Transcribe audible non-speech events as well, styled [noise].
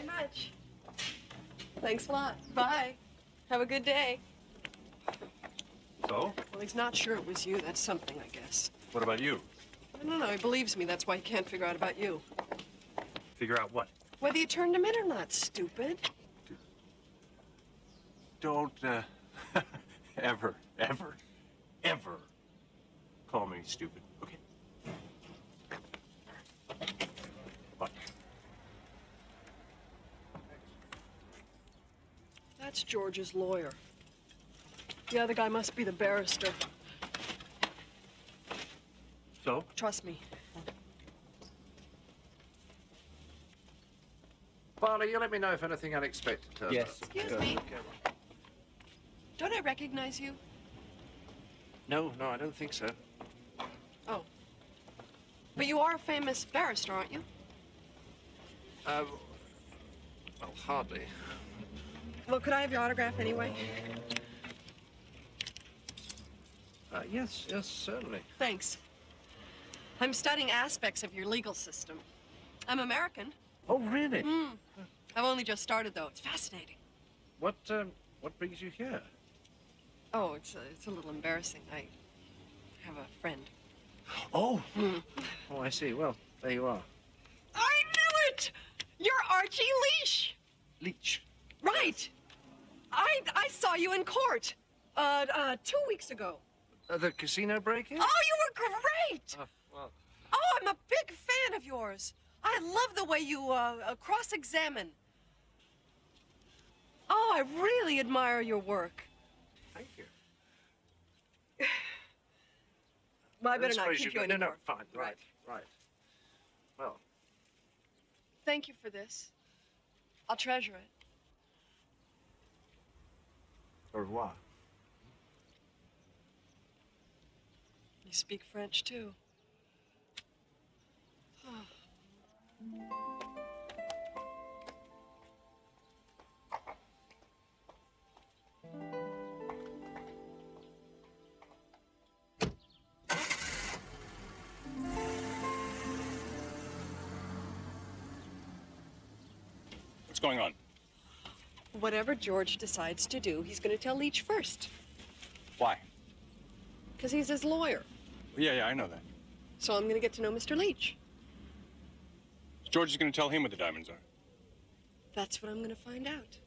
very much. Thanks a lot. Bye. Have a good day. So? Well, he's not sure it was you. That's something, I guess. What about you? No, no, He believes me. That's why he can't figure out about you. Figure out what? Whether you turned him in or not, stupid. Don't, uh, [laughs] ever, ever, ever call me stupid, okay? That's George's lawyer. The other guy must be the barrister. So? Trust me. Barney, you let me know if anything unexpected turns yes. up. Excuse me. Don't I recognize you? No, no, I don't think so. Oh. But you are a famous barrister, aren't you? Uh, well, hardly. Well, could I have your autograph anyway? Uh, yes, yes, certainly. Thanks. I'm studying aspects of your legal system. I'm American. Oh, really? Mm. I've only just started, though. It's fascinating. What, um, what brings you here? Oh, it's a, it's a little embarrassing. I have a friend. Oh! Mm. [laughs] Oh, I see. Well, there you are. I knew it! You're Archie Leach! Leach. Right! I, I saw you in court. Uh, uh, two weeks ago. Uh, the casino break-in? Oh, you were great! Uh, well... Oh, I'm a big fan of yours. I love the way you, uh, uh cross-examine. Oh, I really admire your work. Thank you. [sighs] well, I better not keep you, you anymore. No, no, fine, right, right, right. Well... Thank you for this. I'll treasure it. Au revoir. You speak French too. What's going on? Whatever George decides to do, he's going to tell Leach first. Why? Because he's his lawyer. Yeah, yeah, I know that. So I'm going to get to know Mr. Leach. George is going to tell him what the diamonds are. That's what I'm going to find out.